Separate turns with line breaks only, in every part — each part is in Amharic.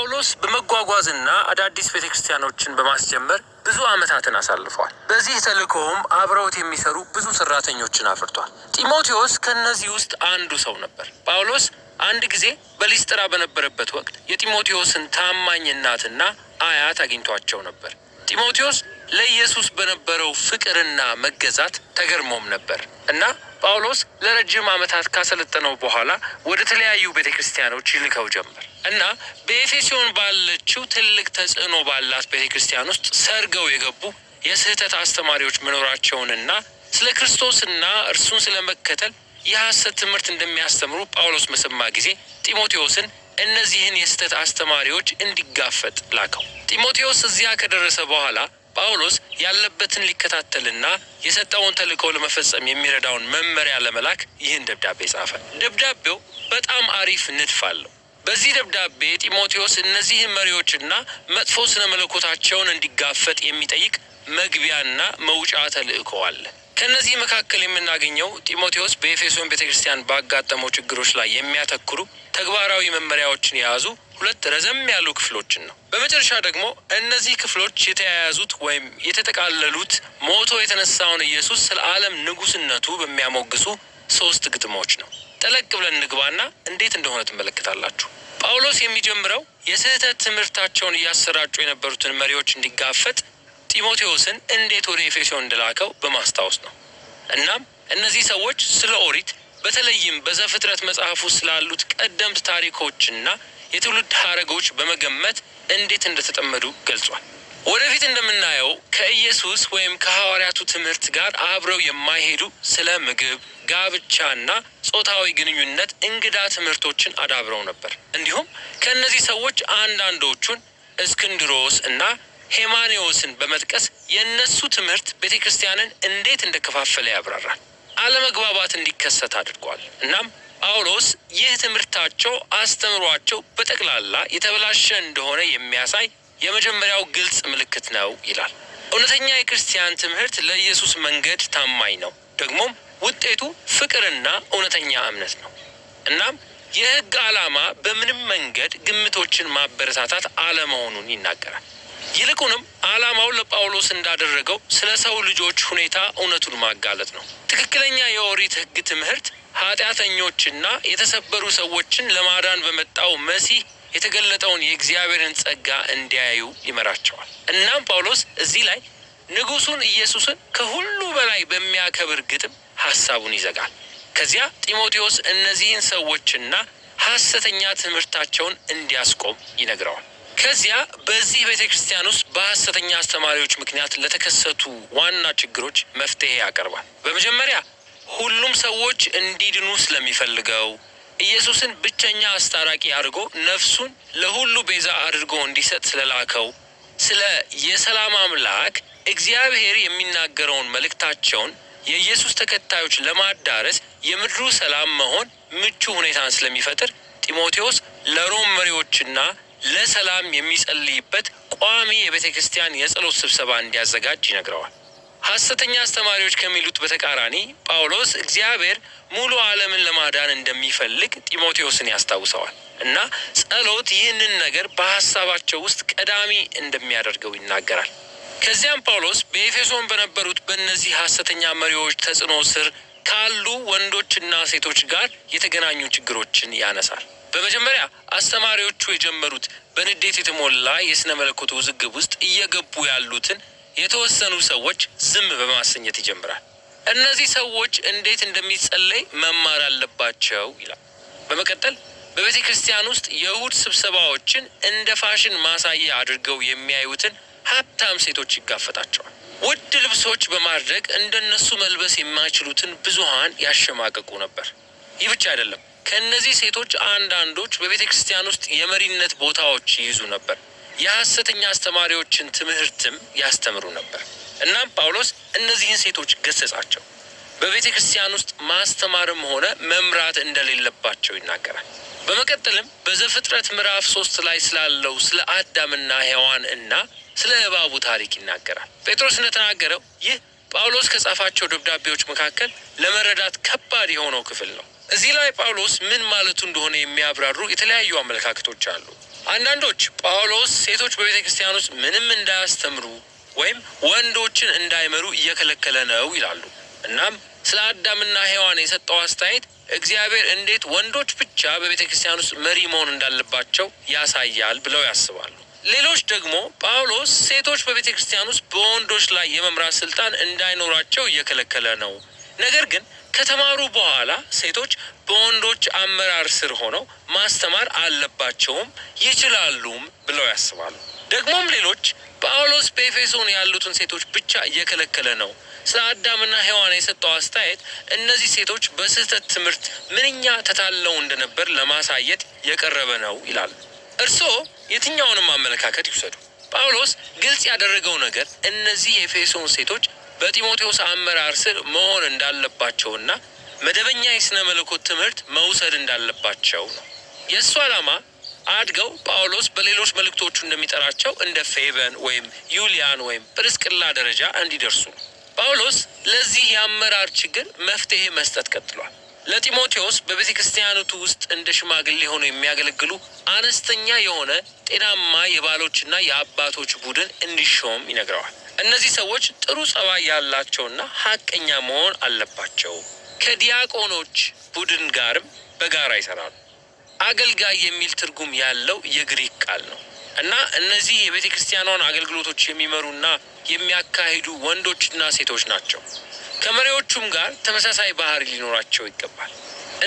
ጳውሎስ በመጓጓዝና አዳዲስ ቤተክርስቲያኖችን በማስጀመር ብዙ ዓመታትን አሳልፏል። በዚህ ተልእኮውም አብረውት የሚሰሩ ብዙ ሰራተኞችን አፍርቷል። ጢሞቴዎስ ከእነዚህ ውስጥ አንዱ ሰው ነበር። ጳውሎስ አንድ ጊዜ በሊስጥራ በነበረበት ወቅት የጢሞቴዎስን ታማኝ እናትና አያት አግኝቷቸው ነበር። ጢሞቴዎስ ለኢየሱስ በነበረው ፍቅርና መገዛት ተገርሞም ነበር እና ጳውሎስ ለረጅም ዓመታት ካሰለጠነው በኋላ ወደ ተለያዩ ቤተ ክርስቲያኖች ይልከው ጀመር እና በኤፌሲዮን ባለችው ትልቅ ተጽዕኖ ባላት ቤተ ክርስቲያን ውስጥ ሰርገው የገቡ የስህተት አስተማሪዎች መኖራቸውንና ስለ ክርስቶስና እርሱን ስለ መከተል የሐሰት ትምህርት እንደሚያስተምሩ ጳውሎስ በሰማ ጊዜ ጢሞቴዎስን እነዚህን የስህተት አስተማሪዎች እንዲጋፈጥ ላከው። ጢሞቴዎስ እዚያ ከደረሰ በኋላ ጳውሎስ ያለበትን ሊከታተልና የሰጠውን ተልእኮ ለመፈጸም የሚረዳውን መመሪያ ለመላክ ይህን ደብዳቤ ጻፈ። ደብዳቤው በጣም አሪፍ ንድፍ አለው። በዚህ ደብዳቤ ጢሞቴዎስ እነዚህን መሪዎችና መጥፎ ስነ መለኮታቸውን እንዲጋፈጥ የሚጠይቅ መግቢያና መውጫ ተልእኮ አለ። ከእነዚህ መካከል የምናገኘው ጢሞቴዎስ በኤፌሶን ቤተ ክርስቲያን ባጋጠመው ችግሮች ላይ የሚያተኩሩ ተግባራዊ መመሪያዎችን የያዙ ሁለት ረዘም ያሉ ክፍሎችን ነው። በመጨረሻ ደግሞ እነዚህ ክፍሎች የተያያዙት ወይም የተጠቃለሉት ሞቶ የተነሳውን ኢየሱስ ስለ ዓለም ንጉስነቱ በሚያሞግሱ ሶስት ግጥሞች ነው። ጠለቅ ብለን ንግባና እንዴት እንደሆነ ትመለከታላችሁ። ጳውሎስ የሚጀምረው የስህተት ትምህርታቸውን እያሰራጩ የነበሩትን መሪዎች እንዲጋፈጥ ጢሞቴዎስን እንዴት ወደ ኤፌሶን እንደላከው በማስታወስ ነው። እናም እነዚህ ሰዎች ስለ ኦሪት በተለይም በዘፍጥረት መጽሐፉ ስላሉት ቀደምት ታሪኮችና የትውልድ ሀረጎች በመገመት እንዴት እንደተጠመዱ ገልጿል። ወደፊት እንደምናየው ከኢየሱስ ወይም ከሐዋርያቱ ትምህርት ጋር አብረው የማይሄዱ ስለ ምግብ፣ ጋብቻና ጾታዊ ግንኙነት እንግዳ ትምህርቶችን አዳብረው ነበር። እንዲሁም ከእነዚህ ሰዎች አንዳንዶቹን እስክንድሮስ እና ሄማኔዎስን በመጥቀስ የእነሱ ትምህርት ቤተ ክርስቲያንን እንዴት እንደከፋፈለ ያብራራል። አለመግባባት እንዲከሰት አድርጓል። እናም ጳውሎስ ይህ ትምህርታቸው አስተምሯቸው በጠቅላላ የተበላሸ እንደሆነ የሚያሳይ የመጀመሪያው ግልጽ ምልክት ነው ይላል። እውነተኛ የክርስቲያን ትምህርት ለኢየሱስ መንገድ ታማኝ ነው፣ ደግሞም ውጤቱ ፍቅርና እውነተኛ እምነት ነው። እናም የሕግ ዓላማ በምንም መንገድ ግምቶችን ማበረታታት አለመሆኑን ይናገራል። ይልቁንም ዓላማው ለጳውሎስ እንዳደረገው ስለ ሰው ልጆች ሁኔታ እውነቱን ማጋለጥ ነው። ትክክለኛ የኦሪት ሕግ ትምህርት ኃጢአተኞችና የተሰበሩ ሰዎችን ለማዳን በመጣው መሲህ የተገለጠውን የእግዚአብሔርን ጸጋ እንዲያዩ ይመራቸዋል። እናም ጳውሎስ እዚህ ላይ ንጉሱን ኢየሱስን ከሁሉ በላይ በሚያከብር ግጥም ሐሳቡን ይዘጋል። ከዚያ ጢሞቴዎስ እነዚህን ሰዎችና ሐሰተኛ ትምህርታቸውን እንዲያስቆም ይነግረዋል። ከዚያ በዚህ ቤተ ክርስቲያን ውስጥ በሐሰተኛ አስተማሪዎች ምክንያት ለተከሰቱ ዋና ችግሮች መፍትሄ ያቀርባል። በመጀመሪያ ሁሉም ሰዎች እንዲድኑ ስለሚፈልገው ኢየሱስን ብቸኛ አስታራቂ አድርጎ ነፍሱን ለሁሉ ቤዛ አድርጎ እንዲሰጥ ስለላከው ስለ የሰላም አምላክ እግዚአብሔር የሚናገረውን መልእክታቸውን የኢየሱስ ተከታዮች ለማዳረስ የምድሩ ሰላም መሆን ምቹ ሁኔታን ስለሚፈጥር ጢሞቴዎስ ለሮም መሪዎችና ለሰላም የሚጸልይበት ቋሚ የቤተ ክርስቲያን የጸሎት ስብሰባ እንዲያዘጋጅ ይነግረዋል። ሐሰተኛ አስተማሪዎች ከሚሉት በተቃራኒ ጳውሎስ እግዚአብሔር ሙሉ ዓለምን ለማዳን እንደሚፈልግ ጢሞቴዎስን ያስታውሰዋል እና ጸሎት ይህንን ነገር በሐሳባቸው ውስጥ ቀዳሚ እንደሚያደርገው ይናገራል። ከዚያም ጳውሎስ በኤፌሶን በነበሩት በእነዚህ ሐሰተኛ መሪዎች ተጽዕኖ ስር ካሉ ወንዶችና ሴቶች ጋር የተገናኙ ችግሮችን ያነሳል። በመጀመሪያ አስተማሪዎቹ የጀመሩት በንዴት የተሞላ የሥነ መለኮት ውዝግብ ውስጥ እየገቡ ያሉትን የተወሰኑ ሰዎች ዝም በማሰኘት ይጀምራል። እነዚህ ሰዎች እንዴት እንደሚጸለይ መማር አለባቸው ይላል። በመቀጠል በቤተ ክርስቲያን ውስጥ የእሁድ ስብሰባዎችን እንደ ፋሽን ማሳያ አድርገው የሚያዩትን ሀብታም ሴቶች ይጋፈጣቸዋል። ውድ ልብሶች በማድረግ እንደነሱ መልበስ የማይችሉትን ብዙሃን ያሸማቀቁ ነበር። ይህ ብቻ አይደለም። ከእነዚህ ሴቶች አንዳንዶች በቤተ ክርስቲያን ውስጥ የመሪነት ቦታዎች ይይዙ ነበር። የሐሰተኛ አስተማሪዎችን ትምህርትም ያስተምሩ ነበር። እናም ጳውሎስ እነዚህን ሴቶች ገሰጻቸው። በቤተ ክርስቲያን ውስጥ ማስተማርም ሆነ መምራት እንደሌለባቸው ይናገራል። በመቀጠልም በዘፍጥረት ምዕራፍ ሶስት ላይ ስላለው ስለ አዳምና ሔዋን እና ስለ እባቡ ታሪክ ይናገራል። ጴጥሮስ እንደተናገረው ይህ ጳውሎስ ከጻፋቸው ደብዳቤዎች መካከል ለመረዳት ከባድ የሆነው ክፍል ነው። እዚህ ላይ ጳውሎስ ምን ማለቱ እንደሆነ የሚያብራሩ የተለያዩ አመለካከቶች አሉ። አንዳንዶች ጳውሎስ ሴቶች በቤተ ክርስቲያን ውስጥ ምንም እንዳያስተምሩ ወይም ወንዶችን እንዳይመሩ እየከለከለ ነው ይላሉ። እናም ስለ አዳምና ሔዋን የሰጠው አስተያየት እግዚአብሔር እንዴት ወንዶች ብቻ በቤተ ክርስቲያን ውስጥ መሪ መሆን እንዳለባቸው ያሳያል ብለው ያስባሉ። ሌሎች ደግሞ ጳውሎስ ሴቶች በቤተ ክርስቲያን ውስጥ በወንዶች ላይ የመምራት ስልጣን እንዳይኖራቸው እየከለከለ ነው ነገር ግን ከተማሩ በኋላ ሴቶች በወንዶች አመራር ስር ሆነው ማስተማር አለባቸውም ይችላሉም ብለው ያስባሉ። ደግሞም ሌሎች ጳውሎስ በኤፌሶን ያሉትን ሴቶች ብቻ እየከለከለ ነው። ስለ አዳምና ሔዋን የሰጠው አስተያየት እነዚህ ሴቶች በስህተት ትምህርት ምንኛ ተታለው እንደነበር ለማሳየት የቀረበ ነው ይላሉ። እርስዎ የትኛውንም አመለካከት ይውሰዱ፣ ጳውሎስ ግልጽ ያደረገው ነገር እነዚህ የኤፌሶን ሴቶች በጢሞቴዎስ አመራር ስር መሆን እንዳለባቸውና መደበኛ የሥነ መለኮት ትምህርት መውሰድ እንዳለባቸው ነው። የእሱ ዓላማ አድገው ጳውሎስ በሌሎች መልእክቶቹ እንደሚጠራቸው እንደ ፌበን ወይም ዩሊያን ወይም ጵርስቅላ ደረጃ እንዲደርሱ ነው። ጳውሎስ ለዚህ የአመራር ችግር መፍትሔ መስጠት ቀጥሏል። ለጢሞቴዎስ በቤተ ክርስቲያኒቱ ውስጥ እንደ ሽማግሌ ሆነው የሚያገለግሉ አነስተኛ የሆነ ጤናማ የባሎችና የአባቶች ቡድን እንዲሾም ይነግረዋል። እነዚህ ሰዎች ጥሩ ጸባይ ያላቸውና ሀቀኛ መሆን አለባቸው። ከዲያቆኖች ቡድን ጋርም በጋራ ይሰራሉ። አገልጋይ የሚል ትርጉም ያለው የግሪክ ቃል ነው እና እነዚህ የቤተ ክርስቲያኗን አገልግሎቶች የሚመሩና የሚያካሂዱ ወንዶችና ሴቶች ናቸው። ከመሪዎቹም ጋር ተመሳሳይ ባህሪ ሊኖራቸው ይገባል።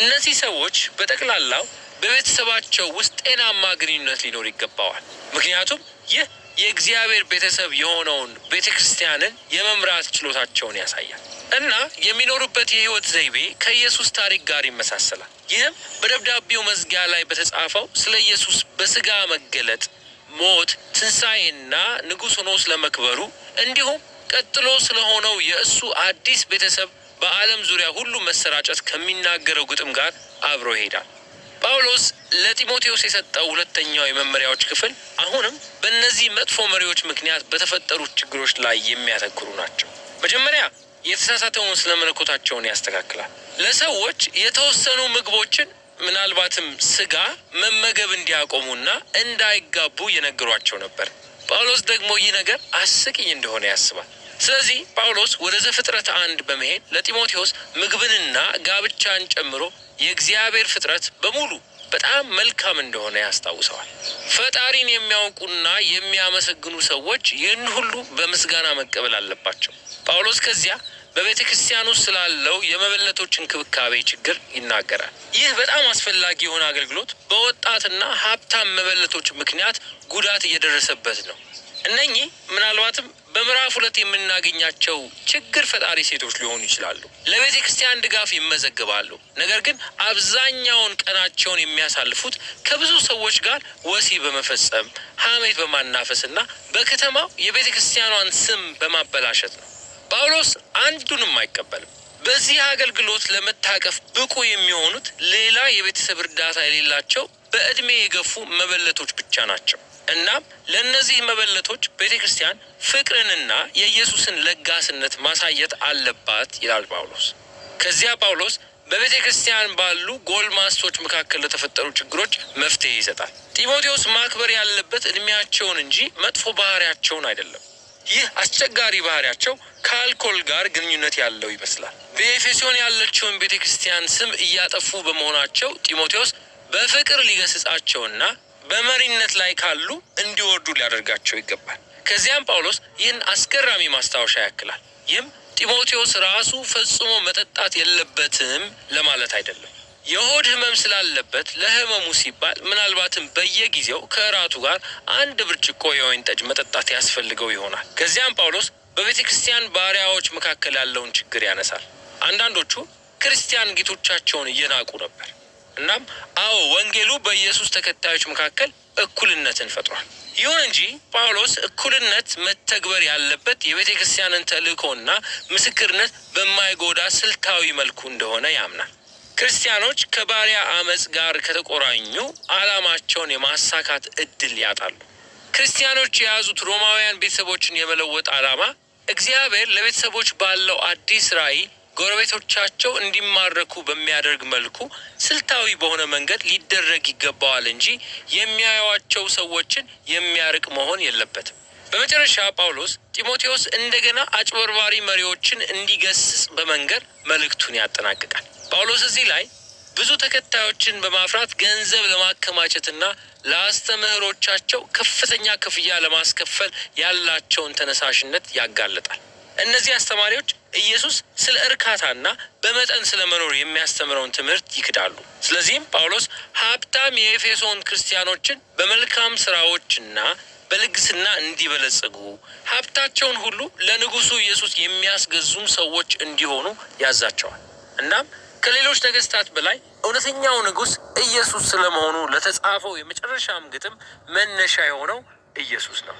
እነዚህ ሰዎች በጠቅላላው በቤተሰባቸው ውስጥ ጤናማ ግንኙነት ሊኖር ይገባዋል። ምክንያቱም ይህ የእግዚአብሔር ቤተሰብ የሆነውን ቤተ ክርስቲያንን የመምራት ችሎታቸውን ያሳያል እና የሚኖሩበት የህይወት ዘይቤ ከኢየሱስ ታሪክ ጋር ይመሳሰላል። ይህም በደብዳቤው መዝጊያ ላይ በተጻፈው ስለ ኢየሱስ በስጋ መገለጥ፣ ሞት፣ ትንሣኤና ንጉሥ ሆኖ ስለመክበሩ እንዲሁም ቀጥሎ ስለሆነው የእሱ አዲስ ቤተሰብ በዓለም ዙሪያ ሁሉ መሰራጨት ከሚናገረው ግጥም ጋር አብሮ ይሄዳል። ጳውሎስ ለጢሞቴዎስ የሰጠው ሁለተኛው የመመሪያዎች ክፍል አሁንም በእነዚህ መጥፎ መሪዎች ምክንያት በተፈጠሩ ችግሮች ላይ የሚያተኩሩ ናቸው። መጀመሪያ የተሳሳተውን ስነ መለኮታቸውን ያስተካክላል። ለሰዎች የተወሰኑ ምግቦችን ምናልባትም ስጋ መመገብ እንዲያቆሙና እንዳይጋቡ የነገሯቸው ነበር። ጳውሎስ ደግሞ ይህ ነገር አስቂኝ እንደሆነ ያስባል። ስለዚህ ጳውሎስ ወደ ዘፍጥረት አንድ በመሄድ ለጢሞቴዎስ ምግብንና ጋብቻን ጨምሮ የእግዚአብሔር ፍጥረት በሙሉ በጣም መልካም እንደሆነ ያስታውሰዋል። ፈጣሪን የሚያውቁና የሚያመሰግኑ ሰዎች ይህን ሁሉ በምስጋና መቀበል አለባቸው። ጳውሎስ ከዚያ በቤተ ክርስቲያን ውስጥ ስላለው የመበለቶች እንክብካቤ ችግር ይናገራል። ይህ በጣም አስፈላጊ የሆነ አገልግሎት በወጣትና ሀብታም መበለቶች ምክንያት ጉዳት እየደረሰበት ነው። እነኚህ ምናልባትም በምዕራፍ ሁለት የምናገኛቸው ችግር ፈጣሪ ሴቶች ሊሆኑ ይችላሉ። ለቤተ ክርስቲያን ድጋፍ ይመዘግባሉ። ነገር ግን አብዛኛውን ቀናቸውን የሚያሳልፉት ከብዙ ሰዎች ጋር ወሲ በመፈጸም ሐሜት በማናፈስና በከተማው የቤተ ክርስቲያኗን ስም በማበላሸት ነው። ጳውሎስ አንዱንም አይቀበልም። በዚህ አገልግሎት ለመታቀፍ ብቁ የሚሆኑት ሌላ የቤተሰብ እርዳታ የሌላቸው በዕድሜ የገፉ መበለቶች ብቻ ናቸው። እናም ለእነዚህ መበለቶች ቤተ ክርስቲያን ፍቅርንና የኢየሱስን ለጋስነት ማሳየት አለባት ይላል ጳውሎስ። ከዚያ ጳውሎስ በቤተ ክርስቲያን ባሉ ጎልማሶች መካከል ለተፈጠሩ ችግሮች መፍትሄ ይሰጣል። ጢሞቴዎስ ማክበር ያለበት እድሜያቸውን እንጂ መጥፎ ባህሪያቸውን አይደለም። ይህ አስቸጋሪ ባህሪያቸው ከአልኮል ጋር ግንኙነት ያለው ይመስላል። በኤፌሶን ያለችውን ቤተ ክርስቲያን ስም እያጠፉ በመሆናቸው ጢሞቴዎስ በፍቅር ሊገስጻቸውና በመሪነት ላይ ካሉ እንዲወርዱ ሊያደርጋቸው ይገባል። ከዚያም ጳውሎስ ይህን አስገራሚ ማስታወሻ ያክላል። ይህም ጢሞቴዎስ ራሱ ፈጽሞ መጠጣት የለበትም ለማለት አይደለም። የሆድ ህመም ስላለበት ለህመሙ ሲባል ምናልባትም በየጊዜው ከእራቱ ጋር አንድ ብርጭቆ የወይን ጠጅ መጠጣት ያስፈልገው ይሆናል። ከዚያም ጳውሎስ በቤተ ክርስቲያን ባሪያዎች መካከል ያለውን ችግር ያነሳል። አንዳንዶቹ ክርስቲያን ጌቶቻቸውን እየናቁ ነበር። እናም አዎ ወንጌሉ በኢየሱስ ተከታዮች መካከል እኩልነትን ፈጥሯል። ይሁን እንጂ ጳውሎስ እኩልነት መተግበር ያለበት የቤተ ክርስቲያንን ተልእኮና ምስክርነት በማይጎዳ ስልታዊ መልኩ እንደሆነ ያምናል። ክርስቲያኖች ከባሪያ አመፅ ጋር ከተቆራኙ ዓላማቸውን የማሳካት እድል ያጣሉ። ክርስቲያኖች የያዙት ሮማውያን ቤተሰቦችን የመለወጥ ዓላማ እግዚአብሔር ለቤተሰቦች ባለው አዲስ ራዕይ ጎረቤቶቻቸው እንዲማረኩ በሚያደርግ መልኩ ስልታዊ በሆነ መንገድ ሊደረግ ይገባዋል እንጂ የሚያዩዋቸው ሰዎችን የሚያርቅ መሆን የለበትም። በመጨረሻ ጳውሎስ ጢሞቴዎስ እንደገና አጭበርባሪ መሪዎችን እንዲገስጽ በመንገድ መልእክቱን ያጠናቅቃል። ጳውሎስ እዚህ ላይ ብዙ ተከታዮችን በማፍራት ገንዘብ ለማከማቸትና ለአስተምህሮቻቸው ከፍተኛ ክፍያ ለማስከፈል ያላቸውን ተነሳሽነት ያጋልጣል። እነዚህ አስተማሪዎች ኢየሱስ ስለ እርካታና በመጠን ስለ መኖር የሚያስተምረውን ትምህርት ይክዳሉ። ስለዚህም ጳውሎስ ሀብታም የኤፌሶን ክርስቲያኖችን በመልካም ስራዎችና በልግስና እንዲበለጽጉ ሀብታቸውን ሁሉ ለንጉሱ ኢየሱስ የሚያስገዙም ሰዎች እንዲሆኑ ያዛቸዋል። እናም ከሌሎች ነገስታት በላይ እውነተኛው ንጉስ ኢየሱስ ስለመሆኑ ለተጻፈው የመጨረሻም ግጥም መነሻ የሆነው ኢየሱስ ነው።